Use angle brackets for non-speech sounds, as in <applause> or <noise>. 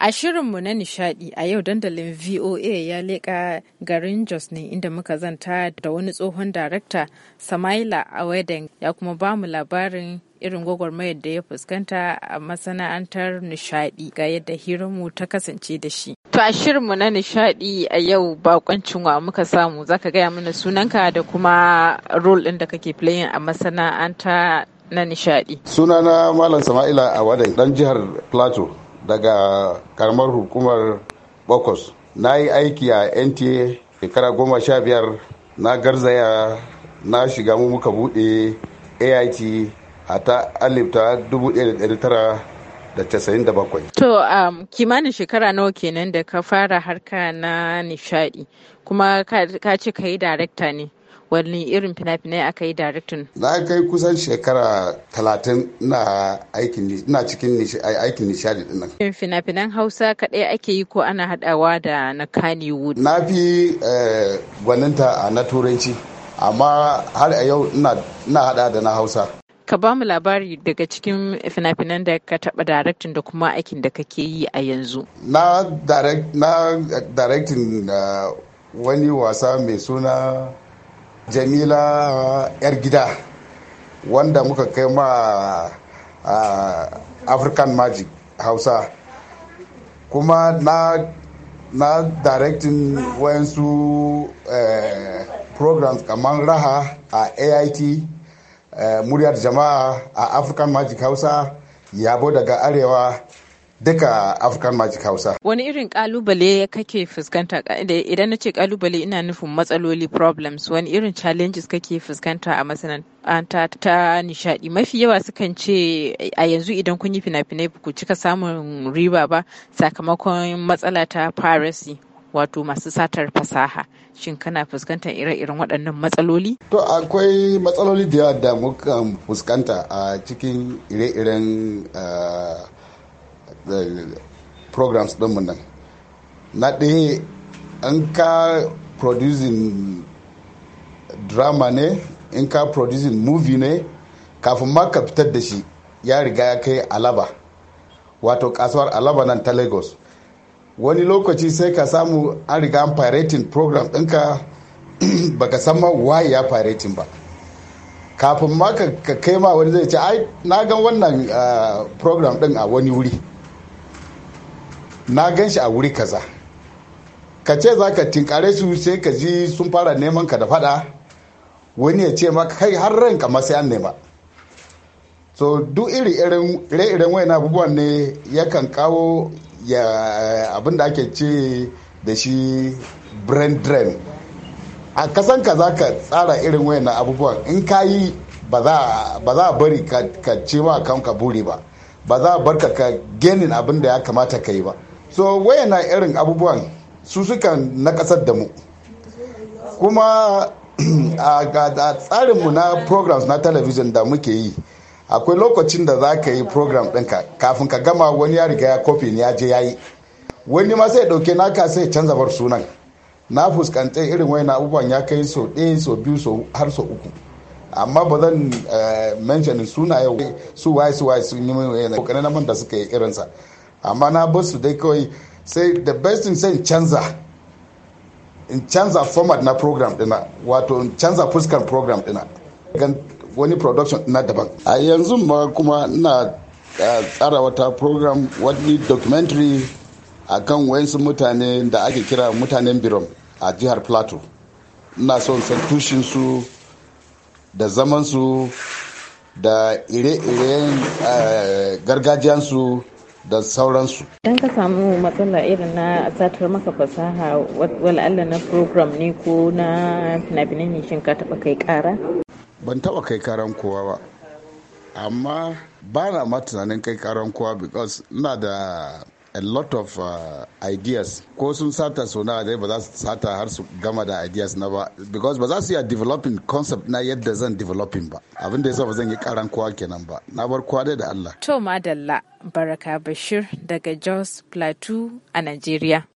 A shirinmu na nishadi a yau dandalin VOA ya leƙa garin Jos ne inda muka zanta da wani tsohon darakta Samaila Aweden ya kuma ba mu labarin irin gwagwarmayar da ya fuskanta a masana'antar nishadi ga yadda mu ta kasance da shi. To a shirinmu na nishadi a yau bakoncin wa muka samu zaka gaya mana sunanka da kuma rol ɗin da kake playin a masana'anta na nishadi. Sunana Malam Sama'ila wadai ɗan jihar Plateau. daga karamar hukumar bokos na yi aiki a nta shekara goma sha biyar na garzaya na shiga mu muka buɗe ait a ta alifta 1997 to um, kimanin shekara nawa kenan da ka fara harka na nishadi kuma ka ce ka yi darekta ne wani irin fina-finai aka yi daraktin na kai kusan shekara talatin na aikin na cikin aikin nishadi din nan fina-finan hausa kaɗai ake yi ko ana haɗawa da na kannywood na fi eh, gwaninta a na turanci amma har a yau ina haɗa da na hausa ka ba mu labari daga cikin fina-finan da ka taɓa directing da kuma aikin da kake yi a yanzu. Na directing eh, wani wasa mai suna jamila yar gida wanda muka kai ma african magic hausa kuma na na directing wayansu eh, programs kamar raha a ait eh, muryar jama'a a african magic hausa yabo daga arewa duka African Magic Hausa. Wani irin kalubale kake fuskanta idan na ce kalubale ina nufin matsaloli problems wani irin challenges kake fuskanta a masana'anta ta nishadi mafi yawa sukan ce a yanzu idan kun yi fina-finai ku cika samun riba ba sakamakon matsala ta piracy wato masu satar fasaha shin kana fuskantar ire-iren waɗannan matsaloli? to akwai matsaloli da yawa da muka fuskanta a cikin ire-iren eh, programs ɗinmu nan na ɗaya in ka producing drama ne in ka producing movie ne kafin ma ka fitar da shi ya riga ya kai alaba wato kasuwar alaba nan ta lagos wani lokaci sai ka samu an riga an pirating program ɗinka <clears throat> baka san ma waye ya pirating ba kafin ma ka kai ma wani zai ce ai na gan wannan ah, program ɗin a wani wuri na gan shi a wuri kaza ka ce za ka tinkare su sai ka ji sun fara neman ka da fada wani ya ce maka kai har ranka ma sai nema so duk iri irin wayan abubuwan ne yakan kawo ya abin da ake ce da shi brain drain a kasan ka za ka tsara irin wayan abubuwan in ka yi ba za a bari ka ce ma ka buri ba ba za a bar ka genin abin da ya kamata ka yi ba so wayana irin abubuwan su suka na kasar da mu kuma <clears throat> a tsarinmu na programs na television da muke yi akwai lokacin da za ka yi program ɗinka kafin ka gama wani ya riga ya kofi ne ya je ya yi wani ma sai ɗauke ka sai canza bar sunan na fuskantar irin wani abubuwan ya kai so ɗaya so biyu har so uku amma ba zan eh, mentionin sunaye su waye su waye su yi mai kokarin da suka yi irinsa amma na basu dai kawai sai the best thing sai in canza in canza format na program dina wato in canza fuskan program dina gan wani production na daban a yanzu ma kuma na tsara wata program wani documentary a kan wayansu mutane da ake kira mutanen birom a jihar plateau ina son san tushinsu da zamansu da ire-iren eh, gargajiyansu da sauransu. Idan ka samu matsala irin na satar maka fasaha wal'alla na program ne ko na fina ne shin ka taɓa kai ƙara? Ban taɓa kai karan kowa ba. Amma ba na ma tunanin kai karan kowa because ina da a lot of uh, ideas ko sun sata suna dai ba za su sata har su gama da ideas na ba because ba za su iya developing concept na yadda zan developing ba abin da yasa ba zan yi karan kowa kenan ba na bar kowa dai da Allah to madalla baraka bashir daga jos plateau a nigeria